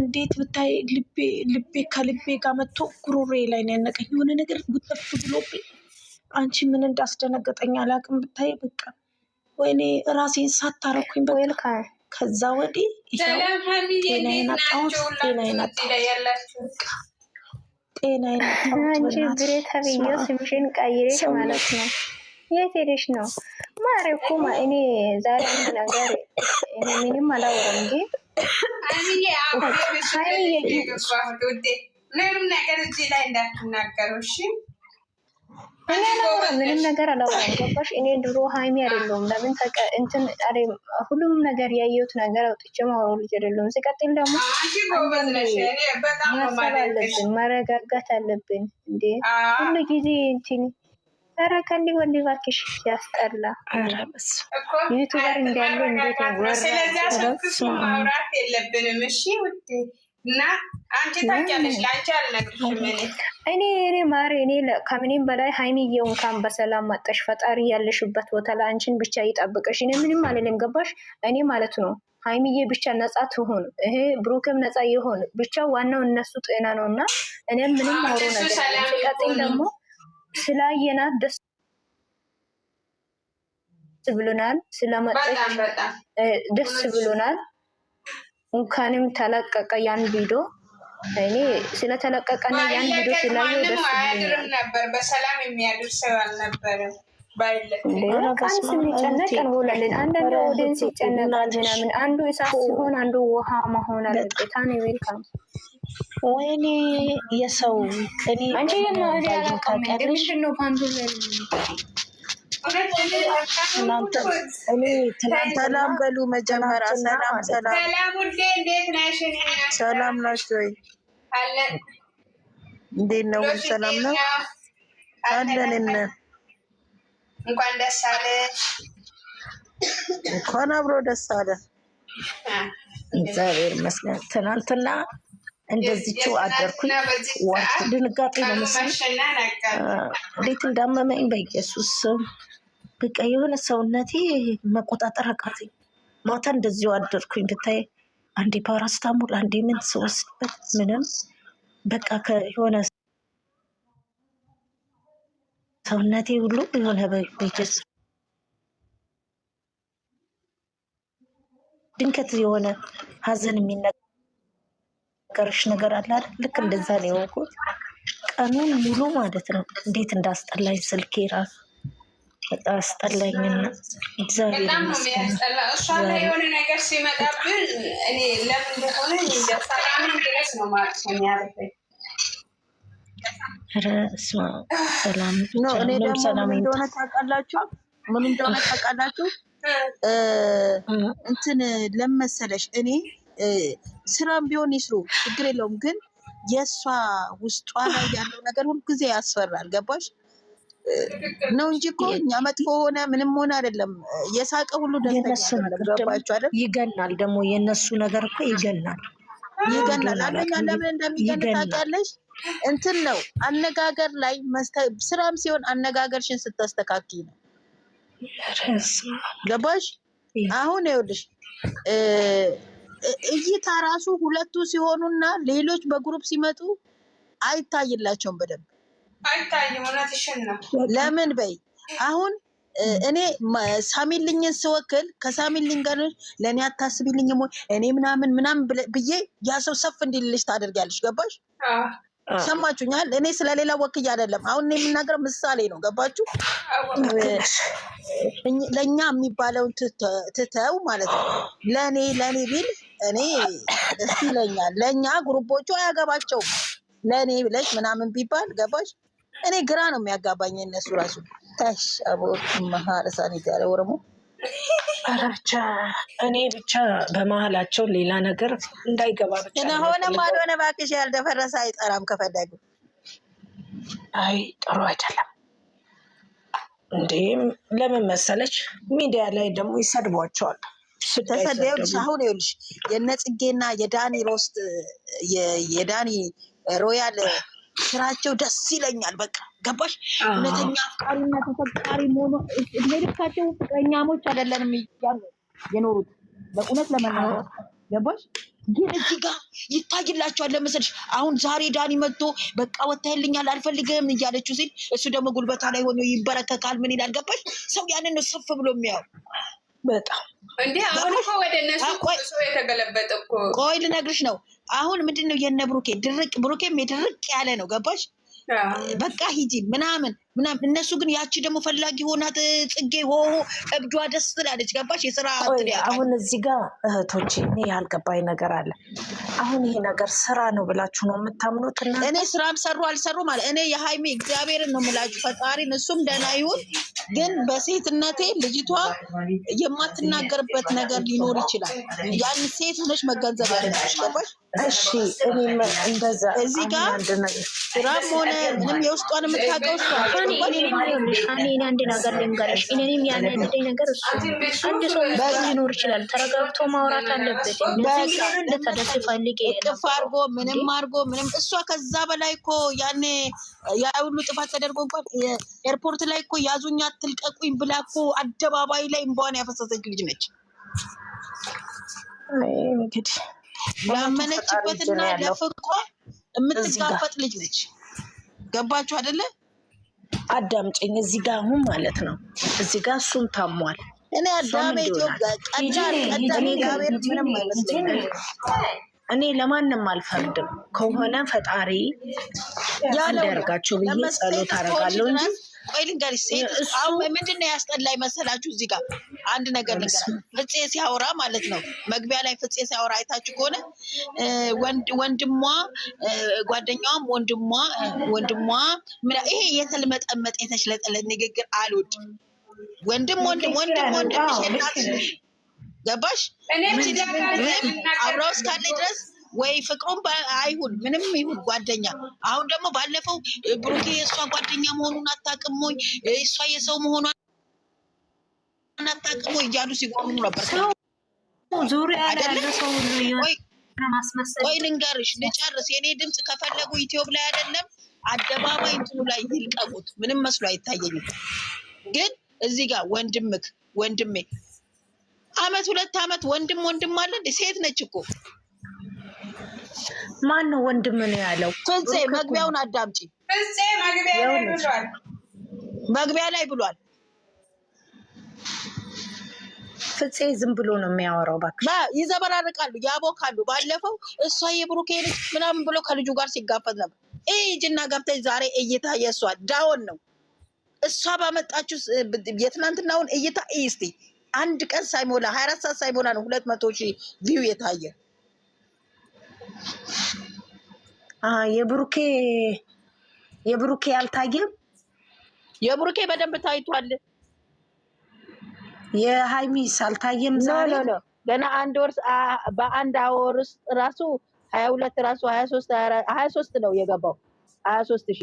እንዴት ብታይ ልቤ ልቤ ከልቤ ጋር መጥቶ ጉሮሬ ላይ ነው ያነቀኝ። የሆነ ነገር ጉጠፍ ብሎ አንቺ ምን እንዳስደነገጠኝ አላቅም። ብታይ በቃ ወይኔ እራሴን ሳታረኩኝ በቃ ከዛ ወዲህ ጤናዬን አጣሁት። ብሬ ተብዬ ስምሽን ቀይሬሽ ማለት ነው። የት ሄደሽ ነው ማሬ? እኮ እኔ ዛሬ ነገር ምንም አላወራም እንጂ ምንም ነገር እዚህ ላይ እንዳትናገረው እሺ። ምንም ነገር አላወራም። ገባሽ? እኔ ድሮ ሀይሚ አይደለሁም። ለምን እንትን ሁሉም ነገር ያየሁት ነገር አውጥቼ ማውራው ልጅ አይደለሁም። ሲቀጥል ደግሞ ማሰብ አለብን፣ መረጋጋት አለብን። እንዴ ሁሉ ጊዜ እንትን ኧረ ከሊ ወንድ እባክሽ ያስጠላ ዩቱበር እንዳለ እንዴት ማውራት የለብንም። እሺ ውዴ እና አንቺ ታውቂያለሽ፣ ለአንቺ አልነግርሽም። እኔ እኔ ማሬ እኔ ከምንም በላይ ሀይሚዬ እንኳን በሰላም መጣሽ። ፈጣሪ ያለሽበት ቦታ ለአንቺን ብቻ ይጠብቅሽ። እኔ ምንም አልልም፣ ገባሽ? እኔ ማለት ነው ሀይሚዬ ብቻ ነጻ ትሆን፣ ይሄ ብሩክም ነጻ ይሆን ብቻ። ዋናው እነሱ ጤና ነው እና እኔም ምንም አውሮ ነገር ቀጥኝ ደግሞ ስላየናት ደስ ብሎናል። ስለመጣች ደስ ብሎናል። እንኳንም ተለቀቀ ያን ቪዲዮ እኔ ስለተለቀቀና ያን ቪዲዮ ስላየ ደስ ብሎኛል። በሰላም የሚያድር አልነበረም። ቀን ስንጨነቅ ምናምን አንዱ እሳት ሲሆን አንዱ ውሃ መሆን አለበት። ወይኔ የሰው እኔ ሰላም በሉ መጀመሪያ። ሰላም ሰላም፣ ሰላም ናችሁ ወይ? እንዴት ነው? ሰላም ነው አለን። እንኳን ደስ አለሽ። እንኳን አብሮ ደስ አለ። እግዚአብሔር ይመስገን። ትናንትና እንደዚችው አደርኩኝ። ዋልኩ። ድንጋጤ ነው እንዴት እንዳመመኝ በኢየሱስ በቃ የሆነ ሰውነቴ መቆጣጠር አቃተኝ። ማታ እንደዚሁ አደርኩኝ ብታይ፣ አንዴ ፓራስታሙል አንዴ ምን ስወስድበት ምንም በቃ ከሆነ ሰውነቴ ሁሉ የሆነ በኢየሱስ ድንገት የሆነ ሀዘን የሚነ ነገርሽ ነገር አለ አይደል? ልክ እንደዛ ነው የሆንኩት። ቀኑን ሙሉ ማለት ነው እንዴት እንዳስጠላኝ ስልኬ ራሱ በቃ አስጠላኝና፣ እግዚአብሔር ይመስገን የሆነ ነገር ሲመጣብን እኔ ለምን እንደሆነ ሰላምን ድረስ ነው ማለት ነው የሚያደርገኝ። ሰላም ነው። እኔ ደግሞ ምን እንደሆነ ታውቃላችሁ? ምን እንደሆነ ታውቃላችሁ? እንትን ለመሰለሽ እኔ ስራም ቢሆን ይስሩ፣ ችግር የለውም። ግን የእሷ ውስጧ ላይ ያለው ነገር ጊዜ ያስፈራል። ገባሽ ነው እንጂ እኮ እኛ መጥፎ ሆነ ምንም ሆነ አይደለም። የሳቀ ሁሉ ደስተኛ ይገናል። ደግሞ የእነሱ ነገር እኮ ይገናል ይገናል። አንደኛ ለምን እንደሚገን ታውቂያለሽ? እንትን ነው አነጋገር ላይ ስራም ሲሆን አነጋገርሽን ስታስተካክይ ነው። ገባሽ? አሁን ይኸውልሽ እይታ ራሱ ሁለቱ ሲሆኑና ሌሎች በግሩፕ ሲመጡ አይታይላቸውም በደንብ እውነትሽን ነው። ለምን በይ አሁን እኔ ሳሚልኝን ስወክል ከሳሚልኝ ጋር ለእኔ አታስቢልኝም ወይ እኔ ምናምን ምናምን ብዬ ያ ሰው ሰፍ እንዲልልሽ ታደርጊያለሽ። ገባሽ? ሰማችሁኛል። እኔ ስለሌላ ወክዬ አይደለም። አሁን እኔ የምናገረው ምሳሌ ነው። ገባችሁ? ለእኛ የሚባለውን ትተው ማለት ነው። ለእኔ ለእኔ ቢል እኔ ደስ ይለኛል። ለእኛ ጉሩቦቹ አያገባቸውም። ለእኔ ብለሽ ምናምን ቢባል ገባች። እኔ ግራ ነው የሚያጋባኝ እነሱ ራሱ ታሽ አቦ መሀረሳን ያለ ወረሞ ኧረ ብቻ እኔ ብቻ በመሀላቸው ሌላ ነገር እንዳይገባ ብቻ ሆነም አልሆነ እባክሽ ያልደፈረሰ አይጠራም። ከፈለጉ አይ ጥሩ አይደለም። እንዲህም ለምን መሰለች ሚዲያ ላይ ደግሞ ይሰድቧቸዋል። ተሰደውልሽ አሁን ይኸውልሽ የነ ጽጌና የዳኒ ሮስት የዳኒ ሮያል ስራቸው ደስ ይለኛል። በቃ ገባሽ? እውነተኛ አፍቃሪና ተፈቃሪ መሆኑ እድሜ ልካቸው ፍቅረኛሞች አይደለንም እያሉ የኖሩት በእውነት ለመናገር ገባሽ? ግን እዚህ ጋር ይታይላቸዋል። ለመሰልሽ አሁን ዛሬ ዳኒ መጥቶ በቃ ወታይልኛል አልፈልግም እያለችው ሲል እሱ ደግሞ ጉልበታ ላይ ሆኖ ይበረከካል። ምን ይላል ገባሽ? ሰው ያንን ነው ሰፍ ብሎ የሚያው በጣም እንዲህ አሁን ወደ እነሱ የተገለበጠ ቆይ ልነግርሽ ነው አሁን ምንድን ነው የነ ብሩኬ ድርቅ ብሩኬም የድርቅ ያለ ነው ገባሽ በቃ ሂጂ ምናምን ምናምን እነሱ ግን ያቺ ደግሞ ፈላጊ ሆና ጽጌ ሆ እብዷ ደስ ትላለች ገባሽ የስራ አሁን እዚህ ጋር እህቶች እኔ ያልገባኝ ነገር አለ አሁን ይሄ ነገር ስራ ነው ብላችሁ ነው የምታምኑት እኔ ስራም ሰሩ አልሰሩ ማለት እኔ የሀይሜ እግዚአብሔርን ነው የምላችሁ ፈጣሪን እሱም ደህና ይሁን ግን በሴትነቴ ልጅቷ የማትናገርበት ነገር ሊኖር ይችላል። ያን ሴት ሆነች መገንዘብ ያለች ገባሽ? እሺ እዚህ ጋር ስራም ሆነ ምንም የውስጧን የምታውቀው እኔን አንድ ነገር ልንገርሽ፣ እኔንም ያናደደኝ ነገር እሱ አንድ ሰው ሊኖር ይችላል። ተረጋግቶ ማውራት አለበት። እንደተደስ ፈልጌ ቅፍ አድርጎ ምንም አርጎ ምንም እሷ ከዛ በላይ እኮ ያኔ ያ ሁሉ ጥፋት ተደርጎ እንኳን ኤርፖርት ላይ እኮ ያዙኛ አትልቀቁኝ ብላ እኮ አደባባይ ላይ እንባዋን ያፈሰሰች ልጅ ነች። ያመነችበትና ለፍቆ የምትጋፈጥ ልጅ ነች። ገባችሁ አደለ? አዳምጭኝ። እዚህ ጋ አሁን ማለት ነው እዚህ ጋ እሱም ታሟል። እኔ አዳሜ እኔ ለማንም አልፈርድም። ከሆነ ፈጣሪ እንዲያደርጋቸው ብዬ ጸሎት አደርጋለሁ እንጂ ቆይ ልንገርሽ፣ ሴት ምንድን ነው ያስጠላኝ መሰላችሁ? እዚህ ጋር አንድ ነገር ልንገራ፣ ፍፄ ሲያወራ ማለት ነው መግቢያ ላይ ፍፄ ሲያወራ አይታችሁ ከሆነ ወንድሟ ጓደኛዋም ወንድሟ ወንድሟ ይሄ የተልመጠመጠ የተሽለጠለ ንግግር አልወድም። ወንድም ወንድም ወንድም ወንድም ገባሽ? አብረው እስካለ ድረስ ወይ ፍቅሩም አይሁን ምንም ይሁን ጓደኛ። አሁን ደግሞ ባለፈው ብሩኬ የእሷ ጓደኛ መሆኑን አታቅሞኝ እሷ የሰው መሆኗን አታቅሞ እያሉ ሲጎኑ ነበር። ዙሪያ ያለ ሰው ቆይ ልንገርሽ፣ ልጨርስ። የኔ ድምፅ ከፈለጉ ኢትዮብ ላይ አይደለም አደባባይ እንትኑ ላይ ይልቀቁት። ምንም መስሎ አይታየኝም። ግን እዚህ ጋር ወንድምክ ወንድሜ አመት ሁለት አመት ወንድም ወንድም አለ ሴት ነች እኮ ማን ነው ወንድም ነው ያለው? ፍፄ መግቢያውን አዳምጪ። ፍፄ መግቢያ ላይ ብሏል። ፍፄ ዝም ብሎ ነው የሚያወራው። እባክሽ ይዘበራርቃሉ፣ ያቦካሉ። ባለፈው እሷ የብሩኬ ምናምን ብሎ ከልጁ ጋር ሲጋፈት ነበር። ሂጂና ገብተሽ ዛሬ እይታ የእሷ ዳውን ነው። እሷ ባመጣችው የትናንትናውን እይታ እስቲ አንድ ቀን ሳይሞላ ሀያ አራት ሰዓት ሳይሞላ ነው ሁለት መቶ ሺህ ቪው የታየ የብሩኬ የብሩኬ አልታየም። የብሩኬ በደንብ ታይቷል። የሀይሚስ አልታየም። ዛሬ ገና አንድ ወር በአንድ አወር ውስጥ ራሱ ሀያ ሁለት ራሱ ሀያ ሶስት ነው የገባው ሀያ ሶስት ሺ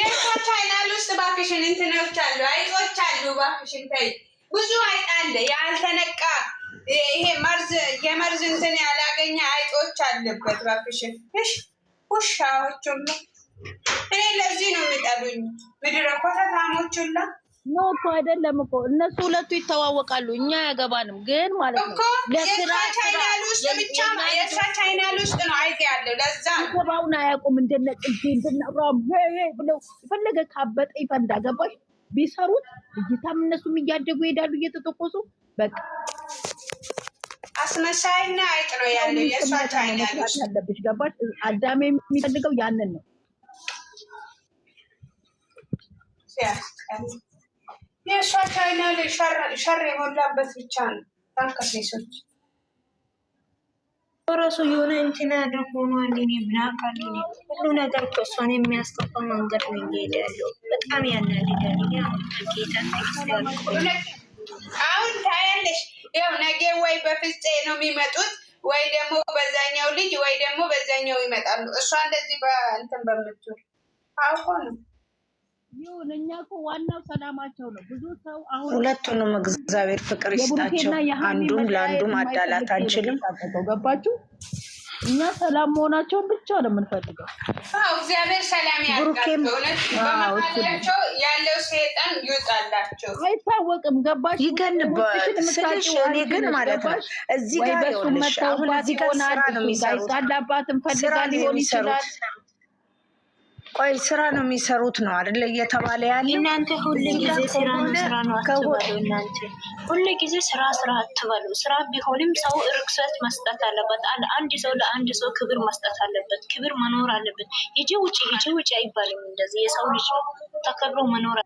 የእኮ ቻይናል ውስጥ እባክሽን እንትኖች አሉ አይጦች አሉ። እባክሽን ተይ ብዙ አይጣለ የአልተነቃ ይሄ መርዝ የመርዝ እንትን ያላገኘ አይጦች አለበት። እባክሽን እሺ፣ እኔ ለዚህ ነው የሚጠሉኝ። ምድረ ኮተታሞች ኖ እኮ አይደለም እኮ እነሱ ሁለቱ ይተዋወቃሉ። እኛ ያገባንም ግን ማለት ነው ለስራ ቻይናል ውስጥ ብቻ የስራ ቻይናል ውስጥ ነው አይት ያለው ለዛ ገባውን አያውቁም። እንደነቅዜ እንድናራም ብለው የፈለገ ካበጠ ይፈንዳ ገባሽ ቢሰሩት እይታም እነሱም እያደጉ ይሄዳሉ እየተጠቆሱ በቃ አስመሳይና አይጥ ነው ያለ የእሷ ቻይና ገባሽ? አዳሜ የሚፈልገው ያንን ነው። የእሷ ቻይና ሸር የሞላበት ብቻ ነው። ታንከሴሶች ራሱ የሆነ እንትን አድርጎ ነው ሁሉ ነገር እሷን የሚያስጠፋ መንገድ ነው እየሄደ ያለው። በጣም ያናድዳል። አሁን ጌታ አሁን ያው ነገ ወይ በፍፄ ነው የሚመጡት ወይ ደግሞ በዛኛው ልጅ ወይ ደግሞ በዛኛው ይመጣሉ። እሷ እንደዚህ በእንትን በምትል አሁን ይሁን። እኛ እኮ ዋናው ሰላማቸው ነው። ብዙ ሰው አሁን ሁለቱንም እግዚአብሔር ፍቅር ይስጣቸው። አንዱም ለአንዱም አዳላት አንችልም። ገባችሁ? እኛ ሰላም መሆናቸውን ብቻ ነው የምንፈልገው። እግዚአብሔር ሰላም ያርጋቸው። ያለው ሰይጣን ይወጣላቸው አይታወቅም። ገባሽ ይገንበስልሽ እኔ ግን ማለት ነው እዚህ ጋር ሆነሽ አሁን እዚህ ጋር ስራ ነው የሚሰሩት ፈልጋ ሊሆን ይችላል ቆይ ስራ ነው የሚሰሩት ነው አይደለ? እየተባለ ያለ እናንተ ሁሉ ጊዜ ስራ ነው ስራ ነው አትበሉ። እናንተ ሁሉ ጊዜ ስራ ስራ አትበሉ። ስራ ቢሆንም ሰው ርክሰት መስጠት አለበት። አንድ ሰው ለአንድ ሰው ክብር መስጠት አለበት። ክብር መኖር አለበት። ሂጂ ውጪ፣ ሂጂ ውጪ አይባልም። እንደዚህ የሰው ልጅ ተከብሮ መኖር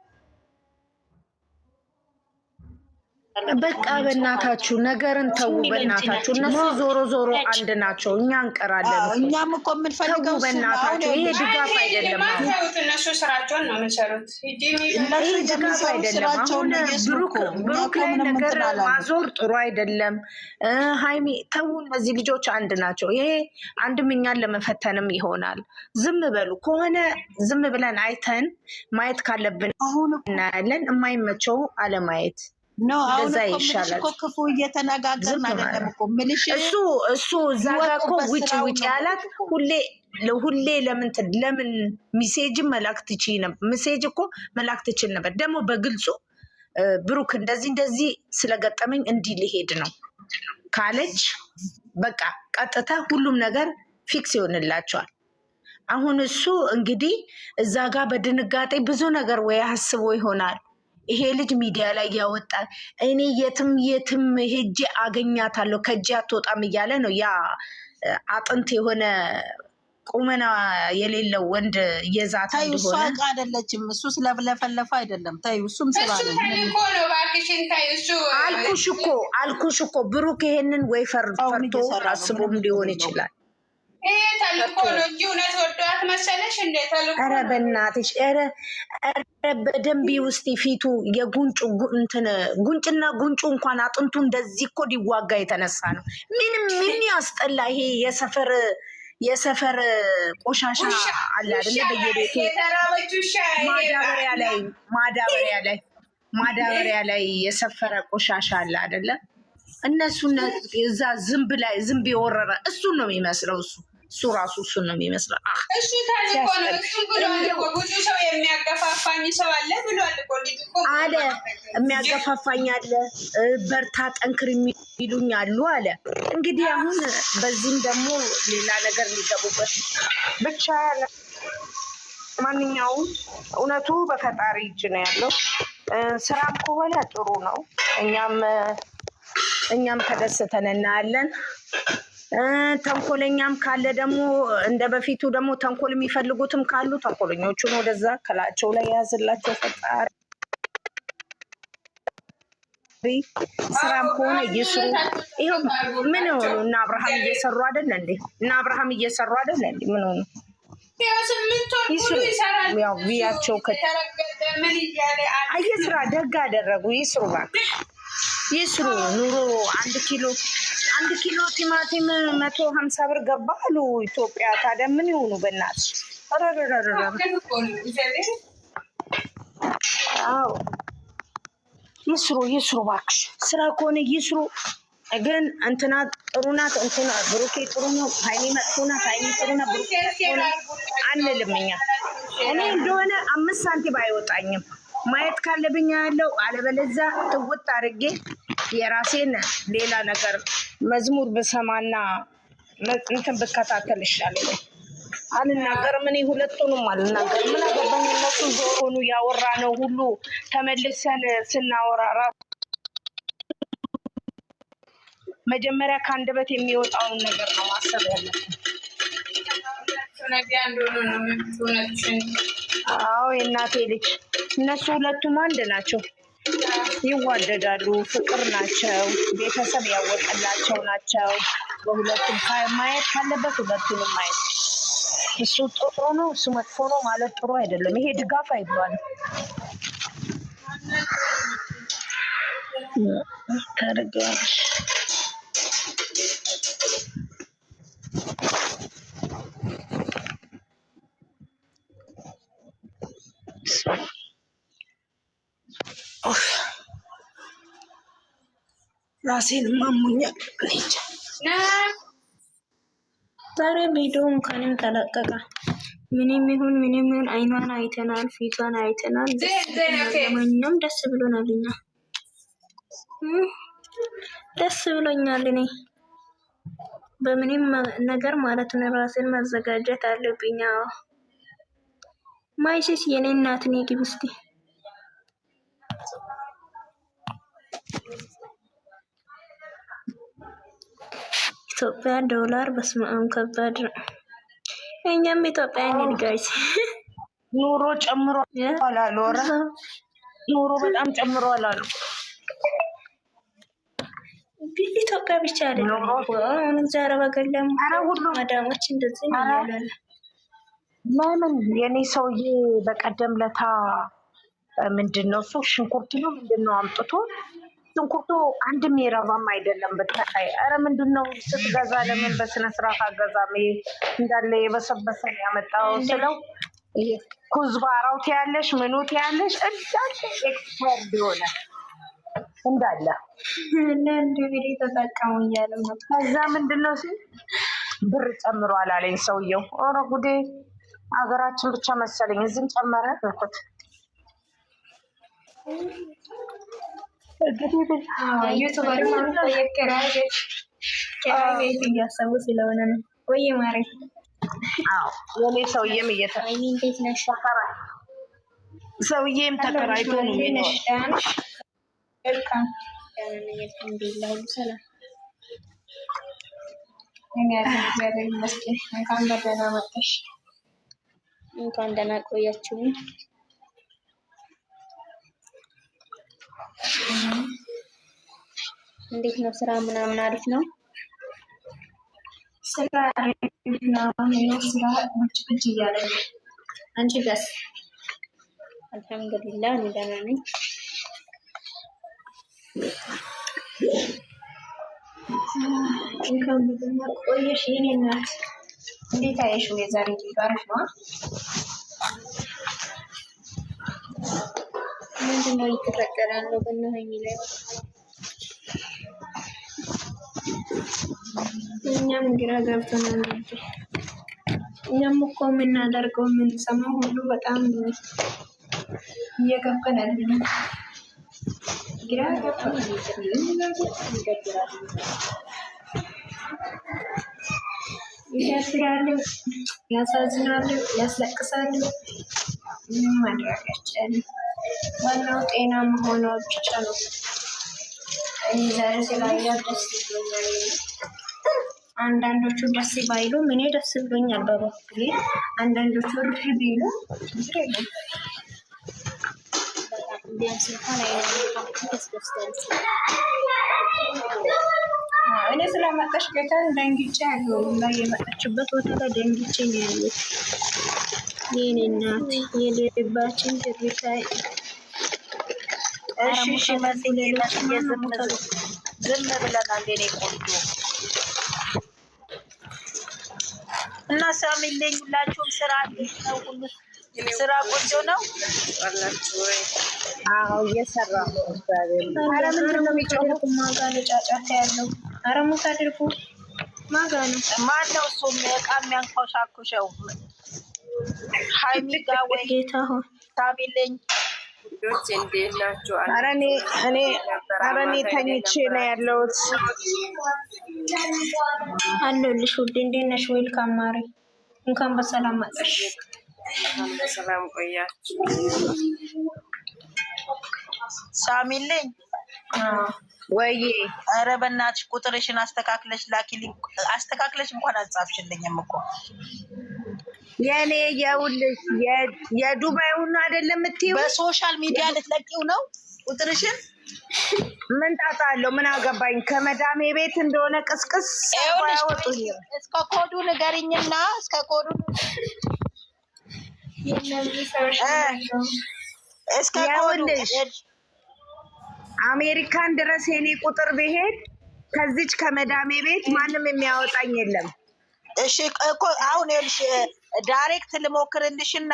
በቃ በእናታችሁ ነገርን ተዉ። በእናታችሁ እነሱ ዞሮ ዞሮ አንድ ናቸው፣ እኛ እንቀራለን። እኛም እኮ የምንፈልገው በእናታችሁ ይሄ ድጋፍ አይደለም፣ እነሱ ስራቸውን ነው የምንሰሩት። ይሄ ድጋፍ አይደለም። አሁን ብሩክ ላይ ነገር ማዞር ጥሩ አይደለም። ሀይሚ ተዉ፣ እነዚህ ልጆች አንድ ናቸው። ይሄ አንድም እኛን ለመፈተንም ይሆናል። ዝም በሉ ከሆነ ዝም ብለን አይተን ማየት ካለብን እናያለን፣ የማይመቸው አለማየት ኖ አሁን እኮ ምልሽ እኮ ክፉ እየተነጋገርን አይደለም እኮ ምልሽ። እሱ እሱ እዛ ጋ እኮ ውጭ ውጭ ያላት ሁሌ ሁሌ ለምን ለምን ሚሴጅን መላክ ትችይ ነበር? ሚሴጅ እኮ መላክ ትችል ነበር። ደግሞ በግልጹ ብሩክ እንደዚህ እንደዚህ ስለገጠመኝ እንዲህ ሊሄድ ነው ካለች በቃ ቀጥታ ሁሉም ነገር ፊክስ ይሆንላቸዋል። አሁን እሱ እንግዲህ እዛ ጋር በድንጋጤ ብዙ ነገር ወይ አስቦ ይሆናል ይሄ ልጅ ሚዲያ ላይ ያወጣል። እኔ የትም የትም ሄጄ አገኛታለሁ ከእጄ አትወጣም እያለ ነው። ያ አጥንት የሆነ ቁመና የሌለው ወንድ የዛት እንደሆነ አይደለችም። እሱ ስለለፈለፈ አይደለም። ታይ እሱም አልኩሽ እኮ አልኩሽ እኮ ብሩክ ይሄንን ወይ ፈርቶ አስቦም ሊሆን ይችላል ይሄ ኧረ ኧረ በደንብ ውስጥ ፊቱ የጉንጩ እንትን ጉንጭና ጉንጩ እንኳን አጥንቱ እንደዚህ እኮ ሊዋጋ የተነሳ ነው። ምንም ምን ያስጠላ ይሄ የሰፈር የሰፈር ቆሻሻ አለ አይደለ? በየቤቱ ማዳበሪያ ላይ ማዳበሪያ ላይ ማዳበሪያ ላይ የሰፈረ ቆሻሻ አለ አይደለ? እነሱ እዛ ዝንብ ላይ ዝንብ የወረረ እሱን ነው የሚመስለው እሱ እሱ ራሱ እሱን ነው የሚመስለው። እሱ አለ የሚያገፋፋኝ አለ፣ በርታ ጠንክር የሚሉኝ አሉ አለ። እንግዲህ አሁን በዚህም ደግሞ ሌላ ነገር ሊገቡበት ብቻ ማንኛውም እውነቱ በፈጣሪ እጅ ነው ያለው። ስራም ከሆነ ጥሩ ነው። እኛም እኛም ተደስተን እናያለን። ተንኮለኛም ካለ ደግሞ እንደ በፊቱ ደግሞ ተንኮል የሚፈልጉትም ካሉ ተንኮለኞቹን ወደዛ ከላቸው ላይ የያዝላቸው ፈጣሪ ስራም ከሆነ እየስሩ ይኸው ምን ሆኑ እና አብርሃም እየሰሩ አይደለ እንዴ? እና አብርሃም እየሰሩ አይደለ እንዴ? ምን ሆኑ ያው ብያቸው አየስራ ደግ አደረጉ። ይስሩ እባክህ ይስሩ። ኑሮ አንድ ኪሎ አንድ ኪሎ ቲማቲም መቶ ሀምሳ ብር ገባ አሉ ኢትዮጵያ። ታዲያ ምን ይሆኑ በእናትሽ? ይስሩ ይስሩ፣ እባክሽ ስራ ከሆነ ይስሩ። ግን እንትና ጥሩ ናት፣ እንትና ብሩኬ ጥሩ ነው፣ ሀይኒ መጥፎ ናት፣ ሀይኒ ጥሩ ናት፣ ብሩኬ አንልም እኛ። እኔ እንደሆነ አምስት ሳንቲም አይወጣኝም። ማየት ካለብኝ ያለው አለበለዚያ ትውጥ አድርጌ የራሴን ሌላ ነገር መዝሙር ብሰማና እንትን ብከታተል ይሻለኝ። አልናገርም። እኔ ሁለቱንም አልናገርም። ምን አገባኝ? እነሱ ዘሆኑ ያወራ ነው ሁሉ ተመልሰን ስናወራ ራሱ መጀመሪያ ከአንድ በት የሚወጣውን ነገር ነው ማሰብ ያለብን። አዎ የእናቴ ልጅ እነሱ ሁለቱም አንድ ናቸው። ይዋደዳሉ፣ ፍቅር ናቸው፣ ቤተሰብ ያወቀላቸው ናቸው። በሁለቱም ማየት ካለበት ሁለቱንም ማየት እሱ ጥሩ ነው፣ እሱ መጥፎ ነው ማለት ጥሩ አይደለም። ይሄ ድጋፍ አይባልም። ታደርገዋለሽ ራሴን ማሙኛል። ዛሬ ቪዲዮ እንኳንም ተለቀቀ። ምንም ይሁን ምንም ይሁን አይኗን አይተናል፣ ፊቷን አይተናል። ለማንኛውም ደስ ብሎናል፣ እኛ ደስ ብሎኛል። እኔ በምንም ነገር ማለት ነው ራሴን ማዘጋጀት አለብኝ። ማይሽሽ የኔ እናት ኔ የኢትዮጵያ ዶላር በስማም ከባድ ነው። እኛም ኢትዮጵያ ነን ጋይስ። ኑሮ ጨምሯል አሉ። ኧረ ኑሮ በጣም ጨምሯል አሉ። ኢትዮጵያ ብቻ አይደለም፣ ዛረብ ሀገር ማዳሞች እንደዚህ ይላል። ለምን የኔ ሰውዬ በቀደም ለታ ምንድን ነው እሱ ሽንኩርት ነው ምንድን ነው አምጥቶ ሽንኩርቱ አንድ የረባም አይደለም ብታይ። ኧረ ምንድን ነው ስትገዛ ለምን በስነ ስርዓት አገዛም? እንዳለ የበሰበሰ ያመጣው ስለው ኩዝባራው ትያለሽ፣ ምኑ ትያለሽ፣ እንዳለ ኤክስፐርድ የሆነ እንዳለ ተጠቀሙ እያለ ከዛ ምንድን ነው ሲል ብር ጨምሯል አለኝ ሰውየው። ኧረ ጉዴ ሀገራችን ብቻ መሰለኝ እዚህም ጨመረ ልኩት እያሰቡ ስለሆነ ነው። ወይ ማሬ የኔ ሰውዬም ሰውዬም ተከራይቶ ነው እንኳን ደህና ቆያችሁኝ። እንዴት ነው ስራ ምናምን? አሪፍ ነው ስራ አሪፍ ነው ስራ ቁጭ ቁጭ እያለ ነው። አንቺ ጋስ? አልሐምዱሊላህ እኔ ደህና ነኝ። እንኳን ብዙ ቆየሽ የኔ እናት። እንዴት አየሽው? የዛሬ ጊዜ አሪፍ ነው። ምንድነው እየተፈጠረ ያለው? በእናትህ የሚለው እኛም ግራ ገብቶናል። እኛም እኮ የምናደርገው የምንሰማው ሁሉ በጣም እየገባን አይደለም። ግራ ገብቶናል። ይደብራል፣ ያሳዝናል፣ ያስለቅሳሉ። ምንም ማድረግ አይቻልም። ዋናው ጤና መሆኗ ብቻ ነው። ዛሬ ስላየሁ ደስ ብሎኛል። አንዳንዶቹ ደስ ባይሉ እኔ ደስ ብሎኛል በበኩሌ። አንዳንዶቹ ርፍ ቢሉ ችግር የለም። እኔ ስለመጣሽ ጌታን ደንግጬ ያለው ላይ የመጣችበት ቦታ ላይ ደንግጬ ነው ያለው። ይህን እናት የልባችን ትርታ እሺ እሺ፣ መስዬ መስዬ ዝም ዝም ብለናል የኔ ቆንጆ እና ሳሚልኝ ሁላችሁም ስራ እንዴት ነው? ሁሉ ስራ ቆንጆ ነው። አዎ እየሰራ ነው። ኧረ ምንድን ነው የሚጨርቁ ማጋ ነው ጫጫታ ያለው። ኧረ ሙት አድርጉ። ማጋ ነው ማን ነው እሱ ዕቃ የሚያንኮሻኩሸው? ሀይሚ ጋ ወይ ሳሚልኝ ልጆች እንዴት ናቸው? ኧረ እኔ ተኝቼ ነው ያለሁት። አለሁልሽ እንዴት ነሽ? ዌልካም ማሪ፣ እንኳን በሰላም መጣሽ። በሰላም ቆያችሁ። ሳሚልኝ ወይ ኧረ በእናትሽ ቁጥርሽን አስተካክለሽ ላኪልኝ። አስተካክለሽ እንኳን አልጻፍሽልኝም እኮ የኔ የውልሽ የዱባይውን አይደለም የምትይው፣ በሶሻል ሚዲያ ልትለቂው ነው ቁጥርሽን። ምን ጣጣ አለው? ምን አገባኝ? ከመዳሜ ቤት እንደሆነ ቅስቅስ ያወጡኝ። እስከ ኮዱ ንገሪኝና እስከ ኮዱ እስከ ኮዱ አሜሪካን ድረስ የኔ ቁጥር ብሄድ ከዚች ከመዳሜ ቤት ማንም የሚያወጣኝ የለም። እሺ እኮ አሁን ዳይሬክት ልሞክርልሽና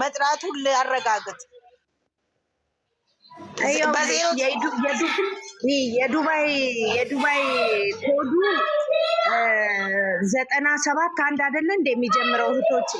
መጥራቱን ላረጋግጥ። የዱባይ የዱባይ ኮዱ ዘጠና ሰባት አንድ አይደለ እንደሚጀምረው እህቶቼ